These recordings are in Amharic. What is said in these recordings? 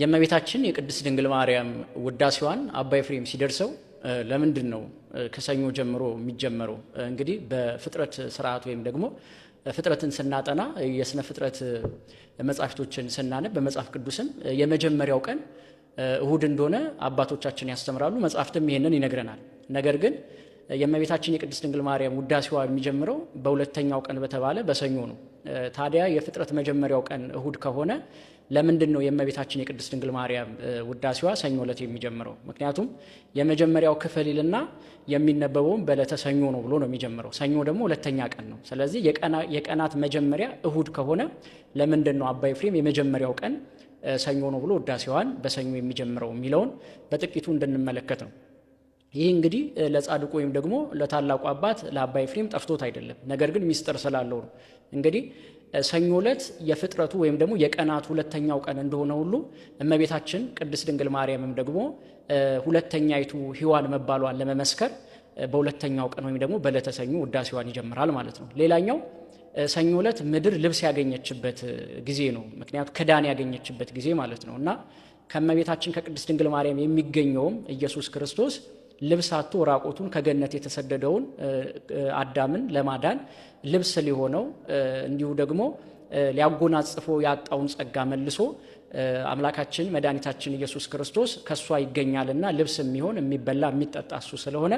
የእመቤታችን የቅድስት ድንግል ማርያም ውዳሴዋን አባይ ፍሬም ሲደርሰው ለምንድን ነው ከሰኞ ጀምሮ የሚጀመረው? እንግዲህ በፍጥረት ስርዓት ወይም ደግሞ ፍጥረትን ስናጠና የስነ ፍጥረት መጻሕፍቶችን ስናነብ በመጽሐፍ ቅዱስም የመጀመሪያው ቀን እሁድ እንደሆነ አባቶቻችን ያስተምራሉ። መጽሐፍትም ይሄንን ይነግረናል። ነገር ግን የእመቤታችን የቅድስት ድንግል ማርያም ውዳሴዋ የሚጀምረው በሁለተኛው ቀን በተባለ በሰኞ ነው። ታዲያ የፍጥረት መጀመሪያው ቀን እሁድ ከሆነ ለምንድን ነው የእመቤታችን የቅድስት ድንግል ማርያም ውዳሴዋ ሰኞ ዕለት የሚጀምረው? ምክንያቱም የመጀመሪያው ክፍል ይልና የሚነበበውም በዕለተ ሰኞ ነው ብሎ ነው የሚጀምረው። ሰኞ ደግሞ ሁለተኛ ቀን ነው። ስለዚህ የቀናት መጀመሪያ እሁድ ከሆነ ለምንድን ነው አባይ ፍሬም የመጀመሪያው ቀን ሰኞ ነው ብሎ ውዳሴዋን በሰኞ የሚጀምረው የሚለውን በጥቂቱ እንድንመለከት ነው። ይህ እንግዲህ ለጻድቁ ወይም ደግሞ ለታላቁ አባት ለአባይ ፍሬም ጠፍቶት አይደለም፣ ነገር ግን ሚስጥር ስላለው ነው እንግዲህ ሰኞ ዕለት የፍጥረቱ ወይም ደግሞ የቀናት ሁለተኛው ቀን እንደሆነ ሁሉ እመቤታችን ቅድስት ድንግል ማርያምም ደግሞ ሁለተኛይቱ ሔዋን መባሏን ለመመስከር በሁለተኛው ቀን ወይም ደግሞ በዕለተ ሰኞ ውዳሴዋን ይጀምራል ማለት ነው። ሌላኛው ሰኞ ዕለት ምድር ልብስ ያገኘችበት ጊዜ ነው። ምክንያቱ ክዳን ያገኘችበት ጊዜ ማለት ነው እና ከእመቤታችን ከቅድስት ድንግል ማርያም የሚገኘውም ኢየሱስ ክርስቶስ ልብስ አቶ ራቁቱን ከገነት የተሰደደውን አዳምን ለማዳን ልብስ ሊሆነው እንዲሁ ደግሞ ሊያጎናጽፎ ያጣውን ጸጋ መልሶ አምላካችን መድኃኒታችን ኢየሱስ ክርስቶስ ከእሷ ይገኛልና ልብስ የሚሆን የሚበላ የሚጠጣ እሱ ስለሆነ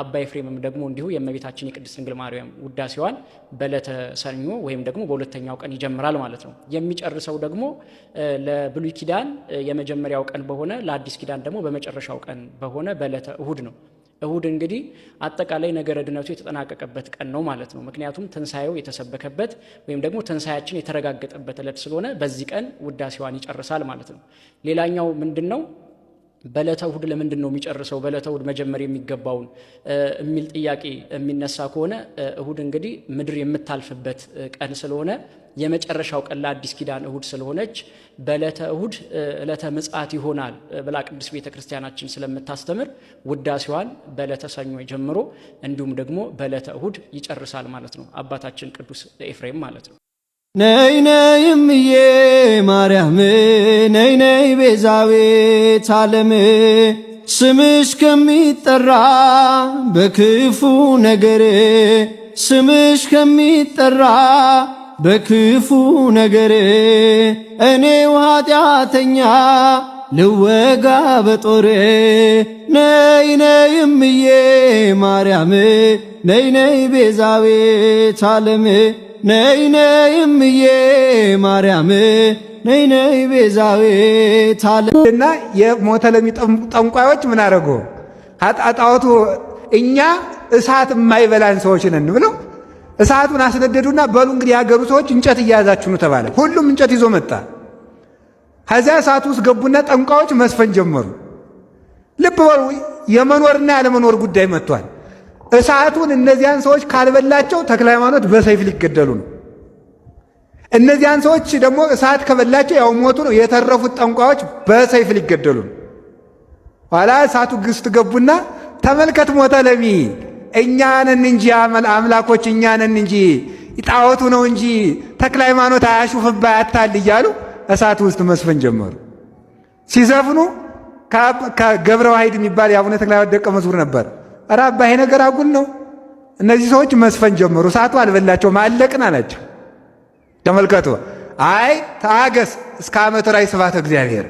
አባ ኤፍሬምም ደግሞ እንዲሁ የእመቤታችን የቅድስት ድንግል ማርያም ውዳሴዋን በዕለተ ሰኞ ወይም ደግሞ በሁለተኛው ቀን ይጀምራል ማለት ነው። የሚጨርሰው ደግሞ ለብሉይ ኪዳን የመጀመሪያው ቀን በሆነ ለአዲስ ኪዳን ደግሞ በመጨረሻው ቀን በሆነ በዕለተ እሁድ ነው። እሁድ እንግዲህ አጠቃላይ ነገረ ድነቱ የተጠናቀቀበት ቀን ነው ማለት ነው። ምክንያቱም ትንሣኤው የተሰበከበት ወይም ደግሞ ትንሣያችን የተረጋገጠበት ዕለት ስለሆነ በዚህ ቀን ውዳሴዋን ይጨርሳል ማለት ነው። ሌላኛው ምንድን ነው? በዕለተ እሁድ ለምንድን ነው የሚጨርሰው? በዕለተ እሁድ መጀመር የሚገባውን የሚል ጥያቄ የሚነሳ ከሆነ እሁድ እንግዲህ ምድር የምታልፍበት ቀን ስለሆነ የመጨረሻው ቀን ለአዲስ ኪዳን እሁድ ስለሆነች በዕለተ እሁድ ዕለተ ምጽአት ይሆናል ብላ ቅዱስ ቤተ ክርስቲያናችን ስለምታስተምር ውዳሴዋን በዕለተ ሰኞ ጀምሮ እንዲሁም ደግሞ በዕለተ እሁድ ይጨርሳል ማለት ነው አባታችን ቅዱስ ኤፍሬም ማለት ነው። ነይ ነይ እምዬ ማርያም ነይ ነይ ቤዛዊት ዓለም ስምሽ ከሚጠራ በክፉ ነገር ስምሽ ከሚጠራ በክፉ ነገር እኔው ኃጢአተኛ ልወጋ በጦር ነይ ነይ እምዬ ማርያም ነይ ነይ ቤዛዊት ዓለም ነይ ነይ እምዬ ማርያም ነይ ነይ ቤዛዊት እና የሞተ ለሚ ጠንቋዮች ምን አደረጉ? ጣዖቱ እኛ እሳት የማይበላን ሰዎች ነን ብለው እሳቱን አስነደዱና በሉ እንግዲህ የሀገሩ ሰዎች እንጨት እያያዛችሁ ነው ተባለ። ሁሉም እንጨት ይዞ መጣ። ከዚያ እሳቱ ውስጥ ገቡና ጠንቋዮች መስፈን ጀመሩ። ልብ በሉ የመኖርና ያለመኖር ጉዳይ መጥቷል። እሳቱን እነዚያን ሰዎች ካልበላቸው ተክለ ሃይማኖት በሰይፍ ሊገደሉ ነው። እነዚያን ሰዎች ደግሞ እሳት ከበላቸው ያው ሞቱ ነው። የተረፉት ጠንቋዮች በሰይፍ ሊገደሉ ነው። ኋላ እሳቱ ግስት ገቡና ተመልከት ሞተ ለሚ እኛ ነን እንጂ አምላኮች እኛ ነን እንጂ ጣዖቱ ነው እንጂ ተክለ ሃይማኖት አያሹፍባ ያታል እያሉ እሳት ውስጥ መስፈን ጀመሩ። ሲዘፍኑ ከገብረ ዋሂድ የሚባል የአቡነ ተክለ ሃይማኖት ደቀ መዝሙር ነበር። ኧረ ነገር አጉል ነው። እነዚህ ሰዎች መስፈን ጀመሩ። ሰዓቱ አልበላቸው አለቅን አላቸው። ተመልከቱ። አይ ታገስ እስከ ዓመት ራይ ስብሐተ እግዚአብሔር፣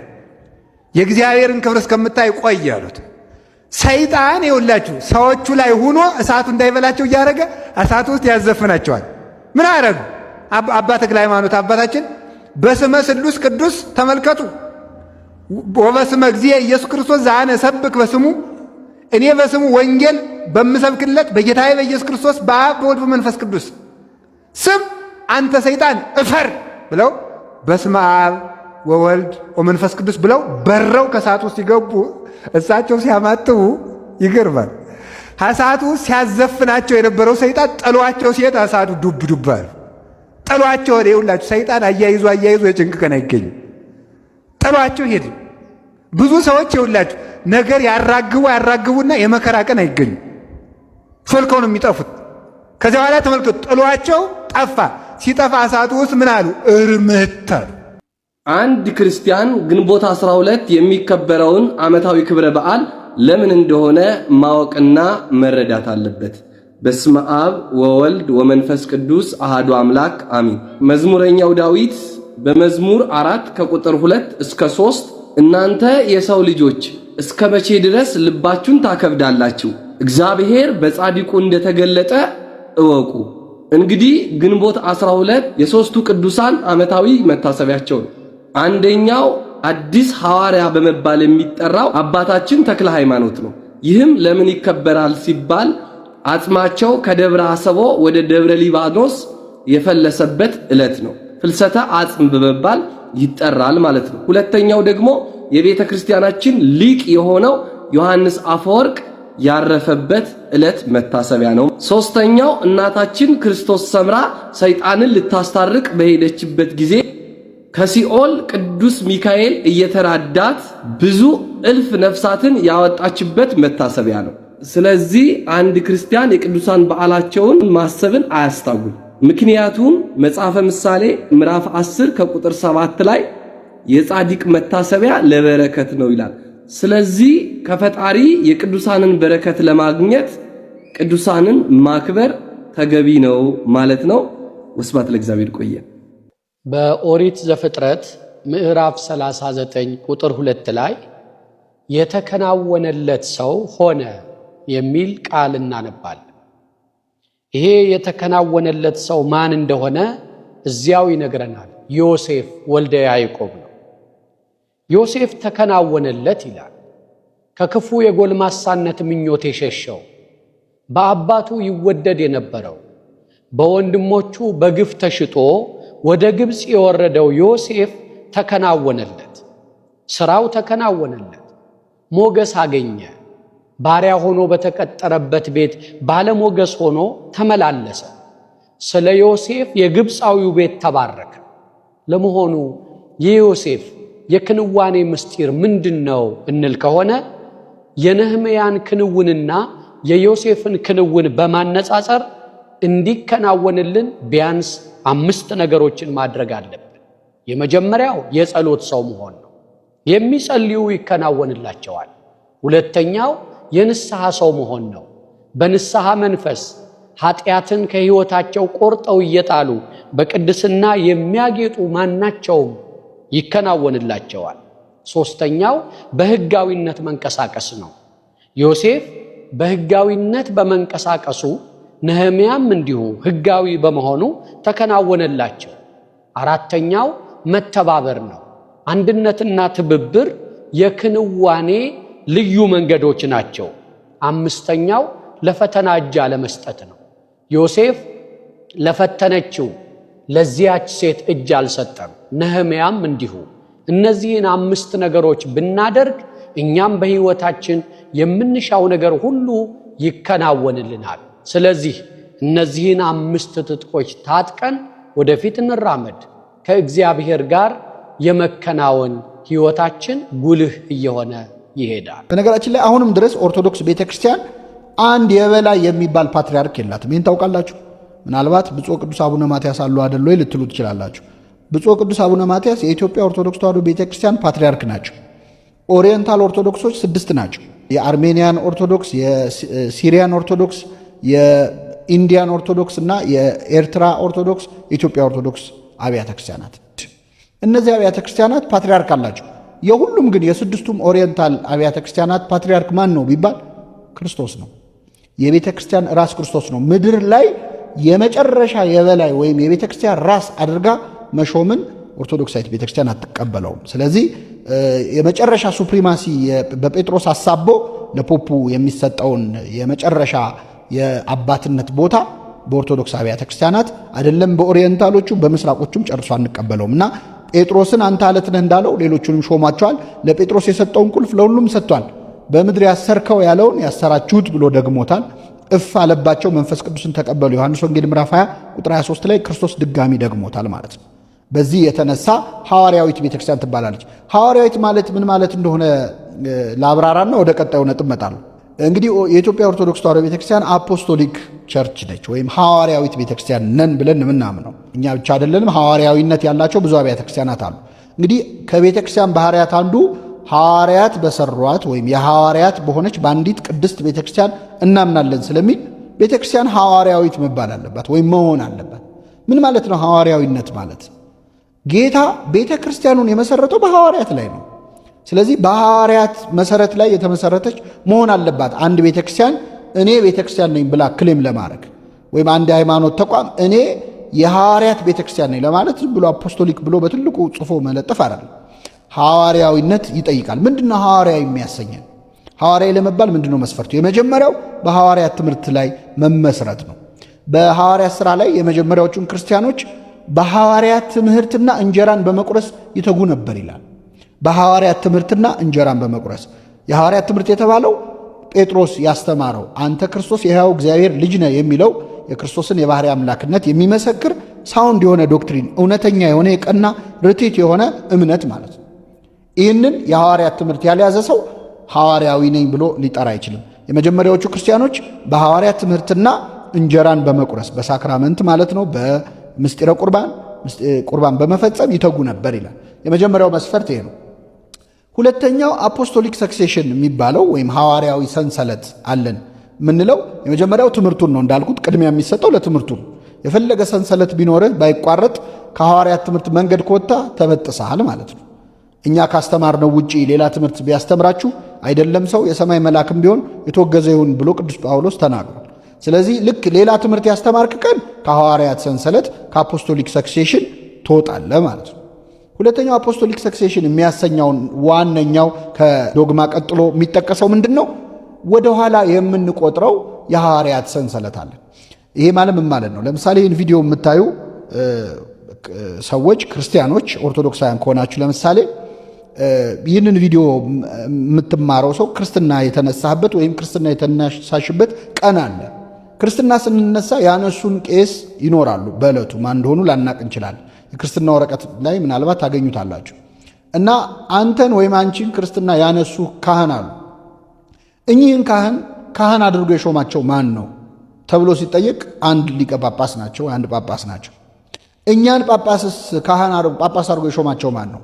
የእግዚአብሔርን ክብር እስከምታይ ቆይ አሉት። ሰይጣን የውላችሁ ሰዎቹ ላይ ሁኖ እሳቱ እንዳይበላቸው እያደረገ እሳቱ ውስጥ ያዘፍናቸዋል። ምን አረግ አባ ተክለ ሃይማኖት አባታችን በስመ ስሉስ ቅዱስ ተመልከቱ፣ ወበስመ እግዚእ ኢየሱስ ክርስቶስ ዛነ ሰብክ በስሙ እኔ በስሙ ወንጌል በምሰብክለት በጌታዬ በኢየሱስ ክርስቶስ በአብ በወልድ በመንፈስ ቅዱስ ስም አንተ ሰይጣን እፈር ብለው በስመ አብ ወወልድ ወመንፈስ ቅዱስ ብለው በረው ከሰዓቱ ሲገቡ እሳቸው ሲያማጥቡ ይገርማል። ሐሳቱ ሲያዘፍናቸው የነበረው ሰይጣን ጠሏቸው ሲሄድ ሐሳቱ ዱብ ዱብ አሉ። ጠሏቸው ሄደ። ይውላችሁ ሰይጣን አያይዞ አያይዞ የጭንቅ ቀን አይገኝም። ጠሏቸው ሄድ ብዙ ሰዎች ይውላችሁ ነገር ያራግቡ ያራግቡና የመከራ ቀን አይገኙም። ሾልከው ነው የሚጠፉት። ከዚያ በኋላ ተመልከቱ፣ ጥሏቸው ጠፋ። ሲጠፋ እሳቱ ውስጥ ምን አሉ? እርምት አንድ ክርስቲያን ግንቦት 12 የሚከበረውን ዓመታዊ ክብረ በዓል ለምን እንደሆነ ማወቅና መረዳት አለበት። በስመ አብ ወወልድ ወመንፈስ ቅዱስ አሃዱ አምላክ አሚን። መዝሙረኛው ዳዊት በመዝሙር አራት ከቁጥር ሁለት እስከ ሶስት እናንተ የሰው ልጆች እስከ መቼ ድረስ ልባችሁን ታከብዳላችሁ? እግዚአብሔር በጻድቁ እንደተገለጠ እወቁ። እንግዲህ ግንቦት 12 የሦስቱ ቅዱሳን ዓመታዊ መታሰቢያቸው ነው። አንደኛው አዲስ ሐዋርያ በመባል የሚጠራው አባታችን ተክለ ሃይማኖት ነው። ይህም ለምን ይከበራል ሲባል አጽማቸው ከደብረ አሰቦ ወደ ደብረ ሊባኖስ የፈለሰበት ዕለት ነው። ፍልሰተ አጽም በመባል ይጠራል ማለት ነው። ሁለተኛው ደግሞ የቤተ ክርስቲያናችን ሊቅ የሆነው ዮሐንስ አፈወርቅ ያረፈበት ዕለት መታሰቢያ ነው። ሶስተኛው እናታችን ክርስቶስ ሰምራ ሰይጣንን ልታስታርቅ በሄደችበት ጊዜ ከሲኦል ቅዱስ ሚካኤል እየተራዳት ብዙ እልፍ ነፍሳትን ያወጣችበት መታሰቢያ ነው። ስለዚህ አንድ ክርስቲያን የቅዱሳን በዓላቸውን ማሰብን አያስታጉም። ምክንያቱም መጽሐፈ ምሳሌ ምዕራፍ 10 ከቁጥር 7 ላይ የጻድቅ መታሰቢያ ለበረከት ነው ይላል። ስለዚህ ከፈጣሪ የቅዱሳንን በረከት ለማግኘት ቅዱሳንን ማክበር ተገቢ ነው ማለት ነው። ወስባት ለእግዚአብሔር። ቆየ። በኦሪት ዘፍጥረት ምዕራፍ 39 ቁጥር 2 ላይ የተከናወነለት ሰው ሆነ የሚል ቃል እናነባል። ይሄ የተከናወነለት ሰው ማን እንደሆነ እዚያው ይነግረናል። ዮሴፍ ወልደ ያዕቆብ ነው። ዮሴፍ ተከናወነለት ይላል። ከክፉ የጎልማሳነት ምኞት የሸሸው በአባቱ ይወደድ የነበረው በወንድሞቹ በግፍ ተሽጦ ወደ ግብፅ የወረደው ዮሴፍ ተከናወነለት፣ ስራው ተከናወነለት፣ ሞገስ አገኘ። ባሪያ ሆኖ በተቀጠረበት ቤት ባለሞገስ ሆኖ ተመላለሰ። ስለ ዮሴፍ የግብፃዊው ቤት ተባረከ። ለመሆኑ የዮሴፍ የክንዋኔ ምስጢር ምንድን ነው እንል ከሆነ የነህምያን ክንውንና የዮሴፍን ክንውን በማነጻጸር እንዲከናወንልን ቢያንስ አምስት ነገሮችን ማድረግ አለብን። የመጀመሪያው የጸሎት ሰው መሆን ነው። የሚጸልዩ ይከናወንላቸዋል። ሁለተኛው የንስሐ ሰው መሆን ነው። በንስሐ መንፈስ ኃጢአትን ከሕይወታቸው ቆርጠው እየጣሉ በቅድስና የሚያጌጡ ማናቸውም ይከናወንላቸዋል። ሶስተኛው በሕጋዊነት መንቀሳቀስ ነው። ዮሴፍ በሕጋዊነት በመንቀሳቀሱ ነህምያም እንዲሁ ሕጋዊ በመሆኑ ተከናወነላቸው። አራተኛው መተባበር ነው። አንድነትና ትብብር የክንዋኔ ልዩ መንገዶች ናቸው። አምስተኛው ለፈተና እጅ አለመስጠት ነው። ዮሴፍ ለፈተነችው ለዚያች ሴት እጅ አልሰጠም። ነህምያም እንዲሁ። እነዚህን አምስት ነገሮች ብናደርግ እኛም በሕይወታችን የምንሻው ነገር ሁሉ ይከናወንልናል። ስለዚህ እነዚህን አምስት ትጥቆች ታጥቀን ወደፊት እንራመድ። ከእግዚአብሔር ጋር የመከናወን ሕይወታችን ጉልህ እየሆነ ይሄዳል። በነገራችን ላይ አሁንም ድረስ ኦርቶዶክስ ቤተክርስቲያን አንድ የበላይ የሚባል ፓትሪያርክ የላትም። ይህን ታውቃላችሁ። ምናልባት ብፁዕ ቅዱስ አቡነ ማትያስ አሉ አደሎ ልትሉ ትችላላችሁ። ብፁዕ ቅዱስ አቡነ ማትያስ የኢትዮጵያ ኦርቶዶክስ ተዋሕዶ ቤተክርስቲያን ፓትሪያርክ ናቸው። ኦሪየንታል ኦርቶዶክሶች ስድስት ናቸው። የአርሜኒያን ኦርቶዶክስ፣ የሲሪያን ኦርቶዶክስ፣ የኢንዲያን ኦርቶዶክስ እና የኤርትራ ኦርቶዶክስ፣ የኢትዮጵያ ኦርቶዶክስ አብያተ ክርስቲያናት። እነዚህ አብያተ ክርስቲያናት ፓትሪያርክ አላቸው። የሁሉም ግን የስድስቱም ኦሪየንታል አብያተ ክርስቲያናት ፓትሪያርክ ማን ነው ቢባል ክርስቶስ ነው። የቤተ ክርስቲያን ራስ ክርስቶስ ነው። ምድር ላይ የመጨረሻ የበላይ ወይም የቤተ ክርስቲያን ራስ አድርጋ መሾምን ኦርቶዶክሳዊት ቤተ ክርስቲያን አትቀበለውም። ስለዚህ የመጨረሻ ሱፕሪማሲ በጴጥሮስ አሳቦ ለፖፑ የሚሰጠውን የመጨረሻ የአባትነት ቦታ በኦርቶዶክስ አብያተ ክርስቲያናት አይደለም በኦሪየንታሎቹ በምስራቆቹም ጨርሶ አንቀበለውም እና ጴጥሮስን አንተ አለት ነህ እንዳለው ሌሎቹንም ሾሟቸዋል። ለጴጥሮስ የሰጠውን ቁልፍ ለሁሉም ሰጥቷል። በምድር ያሰርከው ያለውን ያሰራችሁት ብሎ ደግሞታል። እፍ አለባቸው፣ መንፈስ ቅዱስን ተቀበሉ። ዮሐንስ ወንጌል ምዕራፍ 20 ቁጥር 23 ላይ ክርስቶስ ድጋሚ ደግሞታል ማለት ነው። በዚህ የተነሳ ሐዋርያዊት ቤተክርስቲያን ትባላለች። ሐዋርያዊት ማለት ምን ማለት እንደሆነ ለአብራራና ወደ ቀጣዩ ነጥብ እመጣለሁ። እንግዲህ የኢትዮጵያ ኦርቶዶክስ ተዋሕዶ ቤተክርስቲያን አፖስቶሊክ ቸርች ነች፣ ወይም ሐዋርያዊት ቤተክርስቲያን ነን ብለን የምናምነው እኛ ብቻ አይደለንም። ሐዋርያዊነት ያላቸው ብዙ አብያተ ክርስቲያናት አሉ። እንግዲህ ከቤተክርስቲያን ባህርያት አንዱ ሐዋርያት በሰሯት ወይም የሐዋርያት በሆነች በአንዲት ቅድስት ቤተክርስቲያን እናምናለን ስለሚል ቤተክርስቲያን ሐዋርያዊት መባል አለባት ወይም መሆን አለባት። ምን ማለት ነው ሐዋርያዊነት ማለት? ጌታ ቤተክርስቲያኑን የመሰረተው በሐዋርያት ላይ ነው። ስለዚህ በሐዋርያት መሰረት ላይ የተመሰረተች መሆን አለባት። አንድ ቤተክርስቲያን እኔ ቤተክርስቲያን ነኝ ብላ ክሌም ለማድረግ ወይም አንድ ሃይማኖት ተቋም እኔ የሐዋርያት ቤተክርስቲያን ነኝ ለማለት ዝም ብሎ አፖስቶሊክ ብሎ በትልቁ ጽፎ መለጠፍ አይደለም። ሐዋርያዊነት ይጠይቃል። ምንድነው ሐዋርያዊ የሚያሰኘን? ሐዋርያዊ ለመባል ምንድነው መስፈርቱ? የመጀመሪያው በሐዋርያት ትምህርት ላይ መመስረት ነው። በሐዋርያት ስራ ላይ የመጀመሪያዎቹን ክርስቲያኖች በሐዋርያት ትምህርትና እንጀራን በመቁረስ ይተጉ ነበር ይላል። በሐዋርያት ትምህርትና እንጀራን በመቁረስ የሐዋርያት ትምህርት የተባለው ጴጥሮስ ያስተማረው አንተ ክርስቶስ የሕያው እግዚአብሔር ልጅ ነህ የሚለው የክርስቶስን የባሕርይ አምላክነት የሚመሰክር ሳውንድ የሆነ ዶክትሪን፣ እውነተኛ የሆነ የቀና ርቲት የሆነ እምነት ማለት ነው። ይህንን የሐዋርያት ትምህርት ያልያዘ ሰው ሐዋርያዊ ነኝ ብሎ ሊጠራ አይችልም። የመጀመሪያዎቹ ክርስቲያኖች በሐዋርያት ትምህርትና እንጀራን በመቁረስ በሳክራመንት ማለት ነው በምስጢረ ቁርባን ቁርባን በመፈጸም ይተጉ ነበር ይላል። የመጀመሪያው መስፈርት ይሄ ነው። ሁለተኛው አፖስቶሊክ ሰክሴሽን የሚባለው ወይም ሐዋርያዊ ሰንሰለት አለን ምንለው። የመጀመሪያው ትምህርቱን ነው እንዳልኩት፣ ቅድሚያ የሚሰጠው ለትምህርቱ የፈለገ ሰንሰለት ቢኖርህ ባይቋረጥ ከሐዋርያት ትምህርት መንገድ ከወጣ ተበጥሰሃል ማለት ነው። እኛ ካስተማርነው ውጪ ሌላ ትምህርት ቢያስተምራችሁ አይደለም ሰው የሰማይ መልአክም ቢሆን የተወገዘ ይሁን ብሎ ቅዱስ ጳውሎስ ተናግሯል። ስለዚህ ልክ ሌላ ትምህርት ያስተማርክ ቀን ከሐዋርያት ሰንሰለት ከአፖስቶሊክ ሰክሴሽን ትወጣለህ ማለት ነው። ሁለተኛው አፖስቶሊክ ሰክሴሽን የሚያሰኛውን ዋነኛው ከዶግማ ቀጥሎ የሚጠቀሰው ምንድን ነው? ወደኋላ የምንቆጥረው የሐዋርያት ሰንሰለት አለ። ይሄ ማለት ምን ማለት ነው? ለምሳሌ ይህን ቪዲዮ የምታዩ ሰዎች ክርስቲያኖች፣ ኦርቶዶክሳውያን ከሆናችሁ ለምሳሌ ይህንን ቪዲዮ የምትማረው ሰው ክርስትና የተነሳህበት ወይም ክርስትና የተነሳሽበት ቀን አለ። ክርስትና ስንነሳ ያነሱን ቄስ ይኖራሉ። በዕለቱ ማን እንደሆኑ ላናቅ እንችላለን። የክርስትና ወረቀት ላይ ምናልባት ታገኙታላችሁ። እና አንተን ወይም አንቺን ክርስትና ያነሱ ካህን አሉ። እኚህን ካህን ካህን አድርጎ የሾማቸው ማን ነው ተብሎ ሲጠየቅ አንድ ሊቀ ጳጳስ ናቸው፣ አንድ ጳጳስ ናቸው። እኛን ጳጳስስ ካህን ጳጳስ አድርጎ የሾማቸው ማን ነው?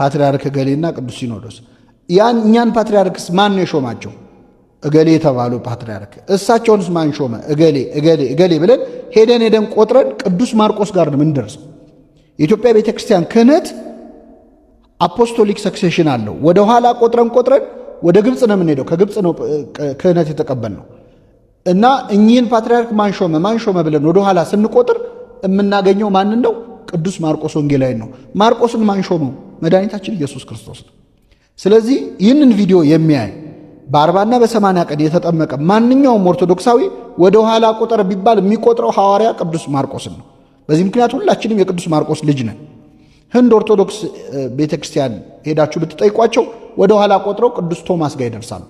ፓትርያርክ እገሌና ቅዱስ ሲኖዶስ። ያን እኛን ፓትርያርክስ ማን ነው የሾማቸው? እገሌ የተባሉ ፓትርያርክ። እሳቸውንስ ማን ሾመ? እገሌ እገሌ እገሌ ብለን ሄደን ሄደን ቆጥረን ቅዱስ ማርቆስ ጋር ምንደርስ? የኢትዮጵያ ቤተ ክርስቲያን ክህነት አፖስቶሊክ ሰክሴሽን አለው። ወደ ኋላ ቆጥረን ቆጥረን ወደ ግብፅ ነው የምንሄደው። ከግብፅ ነው ክህነት ነው። እና እኚህን ፓትርያርክ ማንሾመ ማንሾመ ብለን ወደ ኋላ ስንቆጥር የምናገኘው ማንን ነው? ቅዱስ ማርቆስ ወንጌላዊ ነው። ማርቆስን ማንሾመው መድኃኒታችን ኢየሱስ ክርስቶስ ነው። ስለዚህ ይህንን ቪዲዮ የሚያይ በአርባና በሰማንያ ቀን የተጠመቀ ማንኛውም ኦርቶዶክሳዊ ወደ ኋላ ቁጠር ቢባል የሚቆጥረው ሐዋርያ ቅዱስ ማርቆስን ነው። በዚህ ምክንያት ሁላችንም የቅዱስ ማርቆስ ልጅ ነን። ህንድ ኦርቶዶክስ ቤተ ክርስቲያን ሄዳችሁ ብትጠይቋቸው ወደ ኋላ ቆጥረው ቅዱስ ቶማስ ጋር ይደርሳሉ።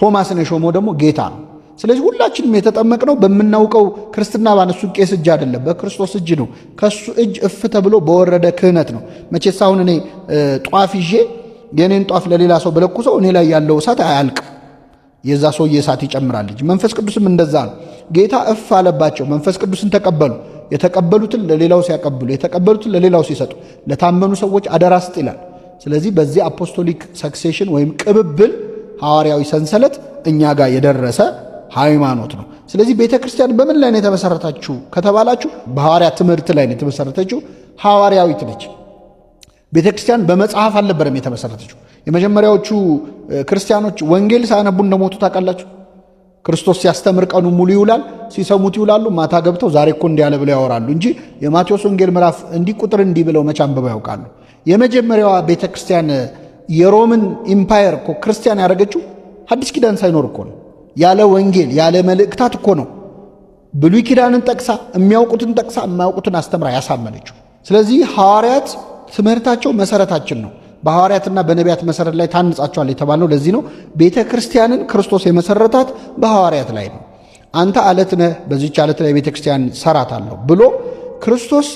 ቶማስን የሾመው ደግሞ ጌታ ነው። ስለዚህ ሁላችንም የተጠመቅነው በምናውቀው ክርስትና ባነሱ ቄስ እጅ አይደለም፣ በክርስቶስ እጅ ነው። ከሱ እጅ እፍ ተብሎ በወረደ ክህነት ነው። መቼስ አሁን እኔ ጧፍ ይዤ የእኔን ጧፍ ለሌላ ሰው በለኩሰው እኔ ላይ ያለው እሳት አያልቅ የዛ ሰውዬ እሳት ይጨምራል እንጂ መንፈስ ቅዱስም እንደዛ ነው። ጌታ እፍ አለባቸው፣ መንፈስ ቅዱስን ተቀበሉ። የተቀበሉትን ለሌላው ሲያቀብሉ፣ የተቀበሉትን ለሌላው ሲሰጡ፣ ለታመኑ ሰዎች አደራ ስጥ ይላል። ስለዚህ በዚህ አፖስቶሊክ ሰክሴሽን ወይም ቅብብል ሐዋርያዊ ሰንሰለት እኛ ጋር የደረሰ ሃይማኖት ነው። ስለዚህ ቤተ ክርስቲያን በምን ላይ ነው የተመሰረታችሁ ከተባላችሁ በሐዋርያ ትምህርት ላይ ነው የተመሰረተችው። ሐዋርያዊት ነች። ቤተ ክርስቲያን በመጽሐፍ አልነበረም የተመሰረተችው። የመጀመሪያዎቹ ክርስቲያኖች ወንጌል ሳያነቡ እንደሞቱ ታውቃላችሁ። ክርስቶስ ሲያስተምር ቀኑ ሙሉ ይውላል። ሲሰሙት ይውላሉ። ማታ ገብተው ዛሬ እኮ እንዲያለ ብለው ያወራሉ እንጂ የማቴዎስ ወንጌል ምዕራፍ እንዲህ ቁጥር እንዲህ ብለው መቼ አንብበው ያውቃሉ? የመጀመሪያዋ ቤተ ክርስቲያን የሮምን ኢምፓየር እኮ ክርስቲያን ያደረገችው አዲስ ኪዳን ሳይኖር እኮ ነው። ያለ ወንጌል ያለ መልእክታት እኮ ነው ብሉይ ኪዳንን ጠቅሳ የሚያውቁትን ጠቅሳ የማያውቁትን አስተምራ ያሳመነችው። ስለዚህ ሐዋርያት ትምህርታቸው መሰረታችን ነው። በሐዋርያትና በነቢያት መሰረት ላይ ታንጻቸዋል የተባለው ለዚህ ነው። ቤተ ክርስቲያንን ክርስቶስ የመሰረታት በሐዋርያት ላይ ነው። አንተ አለት ነህ፣ በዚች አለት ላይ ቤተ ክርስቲያን ሰራታለሁ ብሎ ክርስቶስ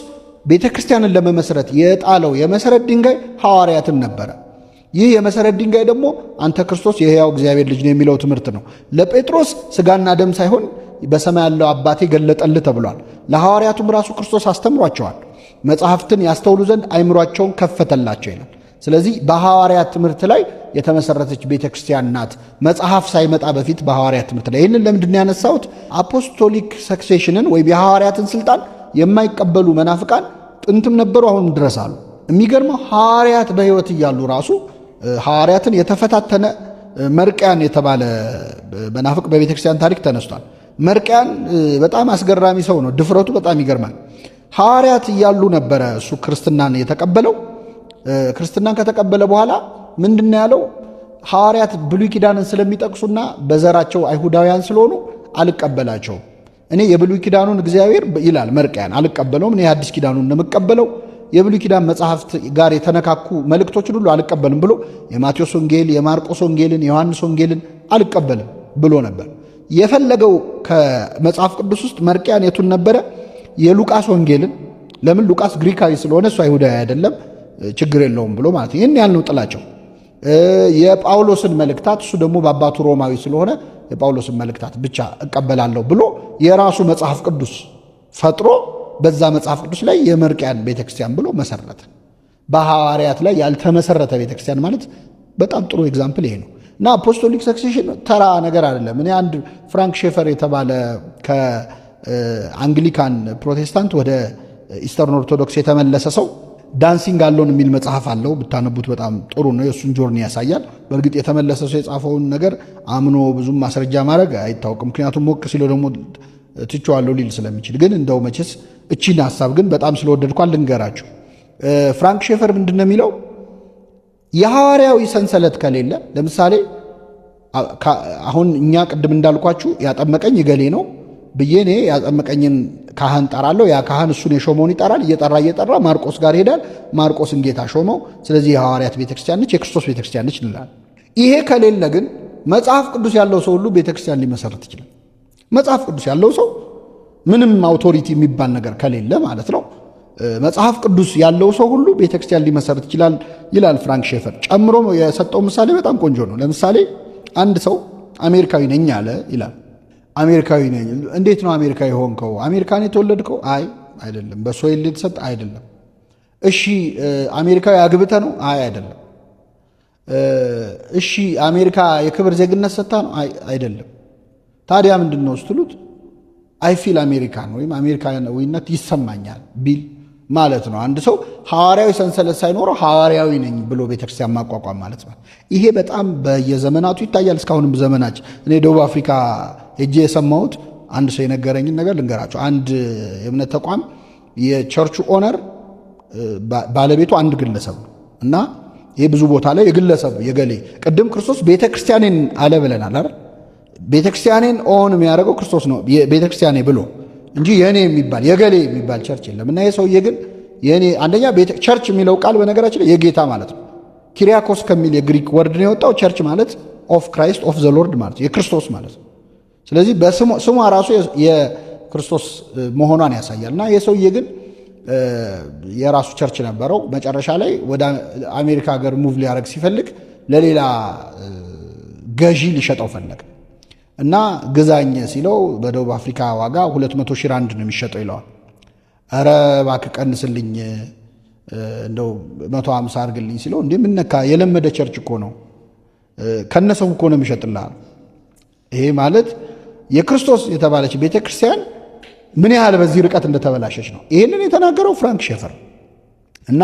ቤተ ክርስቲያንን ለመመስረት የጣለው የመሰረት ድንጋይ ሐዋርያትን ነበረ። ይህ የመሰረት ድንጋይ ደግሞ አንተ ክርስቶስ የሕያው እግዚአብሔር ልጅ ነው የሚለው ትምህርት ነው። ለጴጥሮስ ስጋና ደም ሳይሆን በሰማይ ያለው አባቴ ገለጠልህ ተብሏል። ለሐዋርያቱም ራሱ ክርስቶስ አስተምሯቸዋል። መጽሐፍትን ያስተውሉ ዘንድ አይምሯቸውን ከፈተላቸው ይላል። ስለዚህ በሐዋርያት ትምህርት ላይ የተመሰረተች ቤተ ክርስቲያን ናት። መጽሐፍ ሳይመጣ በፊት በሐዋርያት ትምህርት ላይ ይህንን ለምንድን ያነሳሁት? አፖስቶሊክ ሰክሴሽንን ወይም የሐዋርያትን ስልጣን የማይቀበሉ መናፍቃን ጥንትም ነበሩ፣ አሁንም ድረስ አሉ። የሚገርመው ሐዋርያት በሕይወት እያሉ ራሱ ሐዋርያትን የተፈታተነ መርቅያን የተባለ መናፍቅ በቤተ ክርስቲያን ታሪክ ተነስቷል። መርቅያን በጣም አስገራሚ ሰው ነው። ድፍረቱ በጣም ይገርማል። ሐዋርያት እያሉ ነበረ እሱ ክርስትናን የተቀበለው ክርስትናን ከተቀበለ በኋላ ምንድን ያለው ሐዋርያት ብሉይ ኪዳንን ስለሚጠቅሱና በዘራቸው አይሁዳውያን ስለሆኑ አልቀበላቸውም። እኔ የብሉይ ኪዳኑን እግዚአብሔር ይላል መርቅያን አልቀበለውም። እኔ የአዲስ ኪዳኑን እንደምቀበለው የብሉይ ኪዳን መጽሐፍት ጋር የተነካኩ መልእክቶችን ሁሉ አልቀበልም ብሎ የማቴዎስ ወንጌል፣ የማርቆስ ወንጌልን፣ የዮሐንስ ወንጌልን አልቀበልም ብሎ ነበር። የፈለገው ከመጽሐፍ ቅዱስ ውስጥ መርቅያን የቱን ነበረ? የሉቃስ ወንጌልን። ለምን? ሉቃስ ግሪካዊ ስለሆነ እሱ አይሁዳዊ አይደለም። ችግር የለውም ብሎ ማለት ነው። ይህን ያህል ነው ጥላቸው። የጳውሎስን መልእክታት እሱ ደግሞ በአባቱ ሮማዊ ስለሆነ የጳውሎስን መልእክታት ብቻ እቀበላለሁ ብሎ የራሱ መጽሐፍ ቅዱስ ፈጥሮ በዛ መጽሐፍ ቅዱስ ላይ የመርቅያን ቤተክርስቲያን ብሎ መሰረተ። በሐዋርያት ላይ ያልተመሰረተ ቤተክርስቲያን ማለት በጣም ጥሩ ኤግዛምፕል ይሄ ነው እና አፖስቶሊክ ሰክሴሽን ተራ ነገር አይደለም። እኔ አንድ ፍራንክ ሼፈር የተባለ ከአንግሊካን ፕሮቴስታንት ወደ ኢስተርን ኦርቶዶክስ የተመለሰ ሰው ዳንሲንግ አለውን የሚል መጽሐፍ አለው ብታነቡት በጣም ጥሩ ነው። የእሱን ጆርኒ ያሳያል። በእርግጥ የተመለሰ ሰው የጻፈውን ነገር አምኖ ብዙም ማስረጃ ማድረግ አይታወቅም። ምክንያቱም ሞቅ ሲለው ደግሞ ትቼዋለሁ ሊል ስለሚችል፣ ግን እንደው መቼስ እቺን ሀሳብ ግን በጣም ስለወደድኳ ልንገራችሁ። ፍራንክ ሼፈር ምንድን ነው የሚለው? የሐዋርያዊ ሰንሰለት ከሌለ ለምሳሌ አሁን እኛ ቅድም እንዳልኳችሁ ያጠመቀኝ እገሌ ነው ብዬ እኔ ያጸምቀኝን ካህን ጠራለሁ። ያ ካህን እሱን የሾመውን ይጠራል። እየጠራ እየጠራ ማርቆስ ጋር ይሄዳል። ማርቆስን ጌታ ሾመው። ስለዚህ የሐዋርያት ቤተክርስቲያን ነች፣ የክርስቶስ ቤተክርስቲያን ነች እንላለን። ይሄ ከሌለ ግን መጽሐፍ ቅዱስ ያለው ሰው ሁሉ ቤተክርስቲያን ሊመሰርት ይችላል። መጽሐፍ ቅዱስ ያለው ሰው ምንም አውቶሪቲ የሚባል ነገር ከሌለ ማለት ነው። መጽሐፍ ቅዱስ ያለው ሰው ሁሉ ቤተክርስቲያን ሊመሰርት ይችላል ይላል ፍራንክ ሼፈር። ጨምሮ የሰጠው ምሳሌ በጣም ቆንጆ ነው። ለምሳሌ አንድ ሰው አሜሪካዊ ነኝ አለ ይላል አሜሪካዊ ነኝ። እንዴት ነው አሜሪካዊ ሆንከው? አሜሪካን የተወለድከው? አይ አይደለም። በሶይል የተሰጥ አይደለም። እሺ አሜሪካዊ አግብተ ነው? አይ አይደለም። እሺ አሜሪካ የክብር ዜግነት ሰጥታ ነው? አይ አይደለም። ታዲያ ምንድን ነው ስትሉት አይፊል አሜሪካን ወይም አሜሪካዊነት ይሰማኛል ቢል ማለት ነው። አንድ ሰው ሐዋርያዊ ሰንሰለት ሳይኖረው ሐዋርያዊ ነኝ ብሎ ቤተክርስቲያን ማቋቋም ማለት ነው። ይሄ በጣም በየዘመናቱ ይታያል። እስካሁንም ዘመናች እኔ ደቡብ አፍሪካ ሄጄ የሰማሁት አንድ ሰው የነገረኝን ነገር ልንገራቸው። አንድ የእምነት ተቋም የቸርቹ ኦነር ባለቤቱ አንድ ግለሰብ ነው እና ይህ ብዙ ቦታ ላይ የግለሰብ የገሌ ቅድም ክርስቶስ ቤተክርስቲያኔን አለ ብለናል አይደል? ቤተክርስቲያኔን ኦን የሚያደርገው ክርስቶስ ነው ቤተክርስቲያኔ ብሎ እንጂ የእኔ የሚባል የገሌ የሚባል ቸርች የለም እና ይህ ሰውዬ ግን የኔ አንደኛ ቤተ ቸርች የሚለው ቃል በነገራችን ላይ የጌታ ማለት ነው። ኪሪያኮስ ከሚል የግሪክ ወርድ ነው የወጣው። ቸርች ማለት ኦፍ ክራይስት ኦፍ ዘ ሎርድ ማለት የክርስቶስ ማለት ነው። ስለዚህ ስሟ ራሱ የክርስቶስ መሆኗን ያሳያል። እና የሰውዬ ግን የራሱ ቸርች ነበረው። መጨረሻ ላይ ወደ አሜሪካ ሀገር ሙቭ ሊያደርግ ሲፈልግ ለሌላ ገዢ ሊሸጠው ፈለገ እና ግዛኝ ሲለው በደቡብ አፍሪካ ዋጋ 200 ሺህ ራንድ ነው የሚሸጠው ይለዋል። ኧረ እባክህ ቀንስልኝ እንደው መቶ ሀምሳ አድርግልኝ ሲለው እንዲህ ምነካ የለመደ ቸርች እኮ ነው ከነሰው እኮ ነው የሚሸጥልሃል። ይሄ ማለት የክርስቶስ የተባለች ቤተ ክርስቲያን ምን ያህል በዚህ ርቀት እንደተበላሸች ነው። ይህንን የተናገረው ፍራንክ ሼፈር እና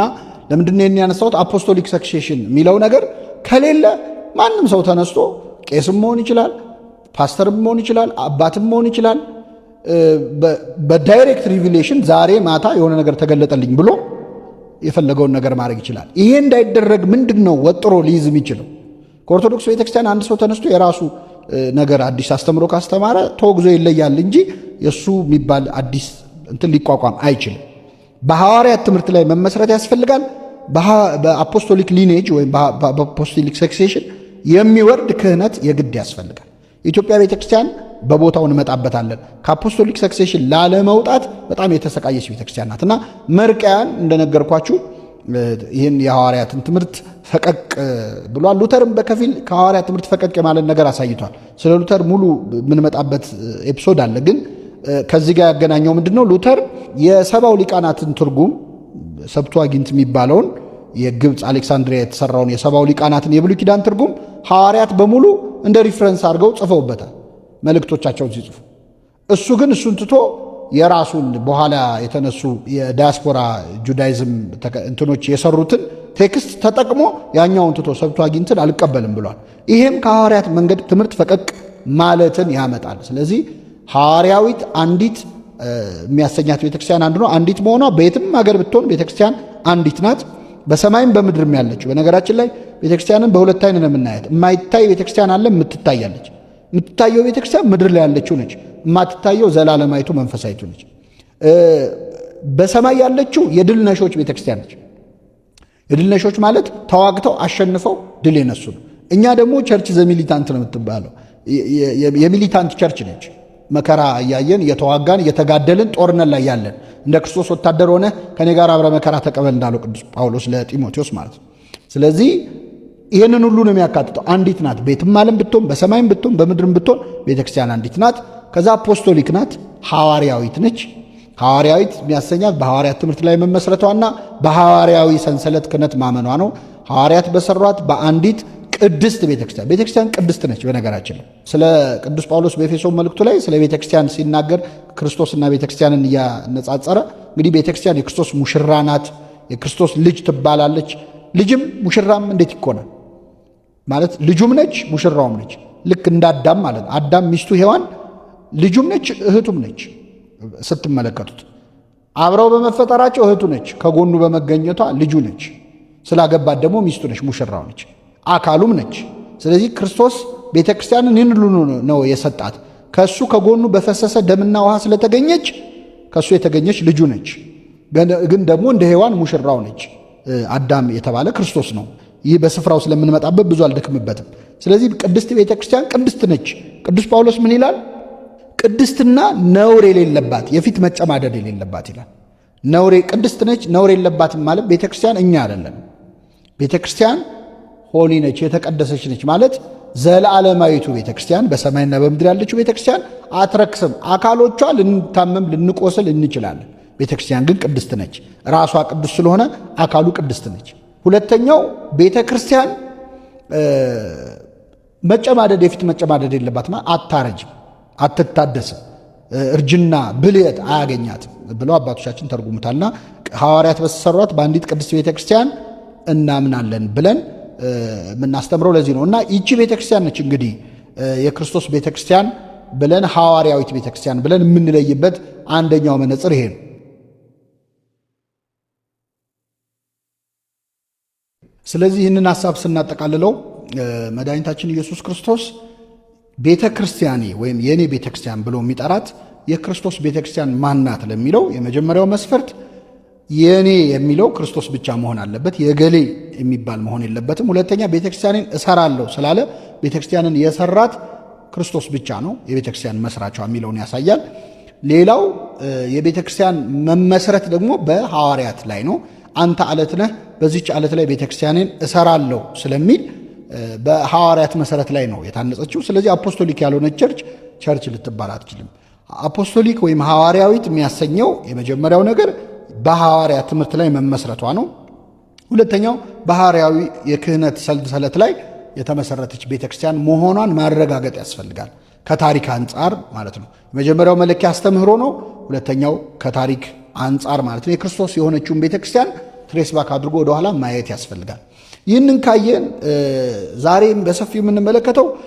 ለምንድን ነው ያነሳሁት? አፖስቶሊክ ሰክሴሽን የሚለው ነገር ከሌለ ማንም ሰው ተነስቶ ቄስም መሆን ይችላል፣ ፓስተርም መሆን ይችላል፣ አባትም መሆን ይችላል፣ በዳይሬክት ሪቪሌሽን ዛሬ ማታ የሆነ ነገር ተገለጠልኝ ብሎ የፈለገውን ነገር ማድረግ ይችላል። ይሄ እንዳይደረግ ምንድን ነው ወጥሮ ሊይዝ የሚችለው? ከኦርቶዶክስ ቤተክርስቲያን አንድ ሰው ተነስቶ የራሱ ነገር አዲስ አስተምሮ ካስተማረ ተወግዞ ይለያል እንጂ የእሱ የሚባል አዲስ እንትን ሊቋቋም አይችልም። በሐዋርያት ትምህርት ላይ መመስረት ያስፈልጋል። በአፖስቶሊክ ሊኔጅ ወይም በአፖስቶሊክ ሰክሴሽን የሚወርድ ክህነት የግድ ያስፈልጋል። ኢትዮጵያ ቤተክርስቲያን በቦታው እንመጣበታለን። ከአፖስቶሊክ ሰክሴሽን ላለመውጣት በጣም የተሰቃየች ቤተክርስቲያን ናት እና መርቀያን እንደነገርኳችሁ ይህን የሐዋርያትን ትምህርት ፈቀቅ ብሏል። ሉተርም በከፊል ከሐዋርያት ትምህርት ፈቀቅ የማለት ነገር አሳይቷል። ስለ ሉተር ሙሉ የምንመጣበት ኤፒሶድ አለ። ግን ከዚህ ጋር ያገናኘው ምንድን ነው? ሉተር የሰባው ሊቃናትን ትርጉም ሰብቱዋጊንት የሚባለውን የግብፅ አሌክሳንድሪያ የተሰራውን የሰባው ሊቃናትን የብሉይ ኪዳን ትርጉም ሐዋርያት በሙሉ እንደ ሪፍረንስ አድርገው ጽፈውበታል። መልእክቶቻቸውን ሲጽፉ እሱ ግን እሱን ትቶ የራሱን በኋላ የተነሱ የዳያስፖራ ጁዳይዝም እንትኖች የሰሩትን ቴክስት ተጠቅሞ ያኛውን ትቶ ሰብቶ አግኝትን አልቀበልም ብሏል። ይሄም ከሐዋርያት መንገድ ትምህርት ፈቀቅ ማለትን ያመጣል። ስለዚህ ሐዋርያዊት አንዲት የሚያሰኛት ቤተክርስቲያን አንድ ነው። አንዲት መሆኗ በየትም ሀገር ብትሆን ቤተክርስቲያን አንዲት ናት፣ በሰማይም በምድርም ያለችው። በነገራችን ላይ ቤተክርስቲያንን በሁለት አይን ነው የምናያት። የማይታይ ቤተክርስቲያን አለ፣ የምትታያለች የምትታየው ቤተክርስቲያን ምድር ላይ ያለችው ነች። የማትታየው ዘላለማይቱ መንፈሳዊቱ ነች። በሰማይ ያለችው የድል ቤተክርስቲያን ነች። የድል ማለት ተዋግተው አሸንፈው ድል የነሱ ነው። እኛ ደግሞ ቸርች ዘሚሊታንት ነው የምትባለው። የሚሊታንት ቸርች ነች። መከራ እያየን እየተዋጋን እየተጋደልን ጦርነት ላይ ያለን እንደ ክርስቶስ ወታደር ሆነ ከኔ ጋር አብረ መከራ ተቀበል እንዳለው ቅዱስ ጳውሎስ ለጢሞቴዎስ ማለት ነው። ስለዚህ ይህንን ሁሉ ነው የሚያካትተው። አንዲት ናት። ቤትም ዓለም ብትሆን በሰማይም ብትሆን በምድርም ብትሆን ቤተክርስቲያን አንዲት ናት። ከዛ አፖስቶሊክ ናት፣ ሐዋርያዊት ነች። ሐዋርያዊት የሚያሰኛት በሐዋርያት ትምህርት ላይ መመስረቷና በሐዋርያዊ ሰንሰለት ክነት ማመኗ ነው። ሐዋርያት በሰሯት በአንዲት ቅድስት ቤተክርስቲያን። ቤተክርስቲያን ቅድስት ነች። በነገራችን ላይ ስለ ቅዱስ ጳውሎስ በኤፌሶን መልእክቱ ላይ ስለ ቤተክርስቲያን ሲናገር ክርስቶስና ቤተክርስቲያንን እያነጻጸረ እንግዲህ ቤተክርስቲያን የክርስቶስ ሙሽራ ናት፣ የክርስቶስ ልጅ ትባላለች። ልጅም ሙሽራም እንዴት ይኮናል? ማለት ልጁም ነች ሙሽራውም ነች። ልክ እንደ አዳም ማለት አዳም ሚስቱ ሔዋን ልጁም ነች እህቱም ነች። ስትመለከቱት አብረው በመፈጠራቸው እህቱ ነች፣ ከጎኑ በመገኘቷ ልጁ ነች፣ ስላገባት ደግሞ ሚስቱ ነች፣ ሙሽራው ነች፣ አካሉም ነች። ስለዚህ ክርስቶስ ቤተ ክርስቲያንን ይህን ነው የሰጣት። ከእሱ ከጎኑ በፈሰሰ ደምና ውሃ ስለተገኘች ከእሱ የተገኘች ልጁ ነች። ግን ደግሞ እንደ ሔዋን ሙሽራው ነች። አዳም የተባለ ክርስቶስ ነው። ይህ በስፍራው ስለምንመጣበት ብዙ አልደክምበትም። ስለዚህ ቅድስት ቤተ ክርስቲያን ቅድስት ነች። ቅዱስ ጳውሎስ ምን ይላል? ቅድስትና ነውር የሌለባት የፊት መጨማደድ የሌለባት ይላል። ነውሬ ቅድስት ነች፣ ነውር የለባትም ማለት ቤተ ክርስቲያን እኛ አይደለም። ቤተ ክርስቲያን ሆሊ ነች፣ የተቀደሰች ነች ማለት ዘለዓለማዊቱ ቤተ ክርስቲያን በሰማይና በምድር ያለችው ቤተ ክርስቲያን አትረክስም። አካሎቿ ልንታመም ልንቆስል እንችላለን። ቤተ ክርስቲያን ግን ቅድስት ነች። ራሷ ቅዱስ ስለሆነ አካሉ ቅድስት ነች። ሁለተኛው ቤተ ክርስቲያን መጨማደድ የፊት መጨማደድ የለባትም። አታረጅም፣ አትታደስም፣ እርጅና ብልየት አያገኛትም ብለው አባቶቻችን ተርጉሙታልና ሐዋርያት በሰሯት በአንዲት ቅድስት ቤተ ክርስቲያን እናምናለን ብለን የምናስተምረው ለዚህ ነው። እና ይቺ ቤተ ክርስቲያን ነች እንግዲህ የክርስቶስ ቤተ ክርስቲያን ብለን ሐዋርያዊት ቤተ ክርስቲያን ብለን የምንለይበት አንደኛው መነጽር ይሄ ነው። ስለዚህ ይህንን ሀሳብ ስናጠቃልለው መድኃኒታችን ኢየሱስ ክርስቶስ ቤተ ክርስቲያኔ ወይም የእኔ ቤተ ክርስቲያን ብሎ የሚጠራት የክርስቶስ ቤተ ክርስቲያን ማናት ለሚለው የመጀመሪያው መስፈርት የእኔ የሚለው ክርስቶስ ብቻ መሆን አለበት፣ የገሌ የሚባል መሆን የለበትም። ሁለተኛ ቤተ ክርስቲያንን እሰራለሁ ስላለ ቤተ ክርስቲያንን የሰራት ክርስቶስ ብቻ ነው የቤተ ክርስቲያን መስራቿ የሚለውን ያሳያል። ሌላው የቤተ ክርስቲያን መመስረት ደግሞ በሐዋርያት ላይ ነው። አንተ አለት ነህ በዚች አለት ላይ ቤተክርስቲያኔን እሰራለሁ ስለሚል በሐዋርያት መሰረት ላይ ነው የታነጸችው። ስለዚህ አፖስቶሊክ ያልሆነ ቸርች ቸርች ልትባል አትችልም። አፖስቶሊክ ወይም ሐዋርያዊት የሚያሰኘው የመጀመሪያው ነገር በሐዋርያ ትምህርት ላይ መመስረቷ ነው። ሁለተኛው በሐዋርያዊ የክህነት ሰልሰለት ላይ የተመሰረተች ቤተክርስቲያን መሆኗን ማረጋገጥ ያስፈልጋል። ከታሪክ አንጻር ማለት ነው። የመጀመሪያው መለኪያ አስተምህሮ ነው። ሁለተኛው ከታሪክ አንጻር ማለት ነው። የክርስቶስ የሆነችውን ቤተክርስቲያን ትሬስባክ ባክ አድርጎ ወደኋላ ማየት ያስፈልጋል። ይህንን ካየን ዛሬም በሰፊው የምንመለከተው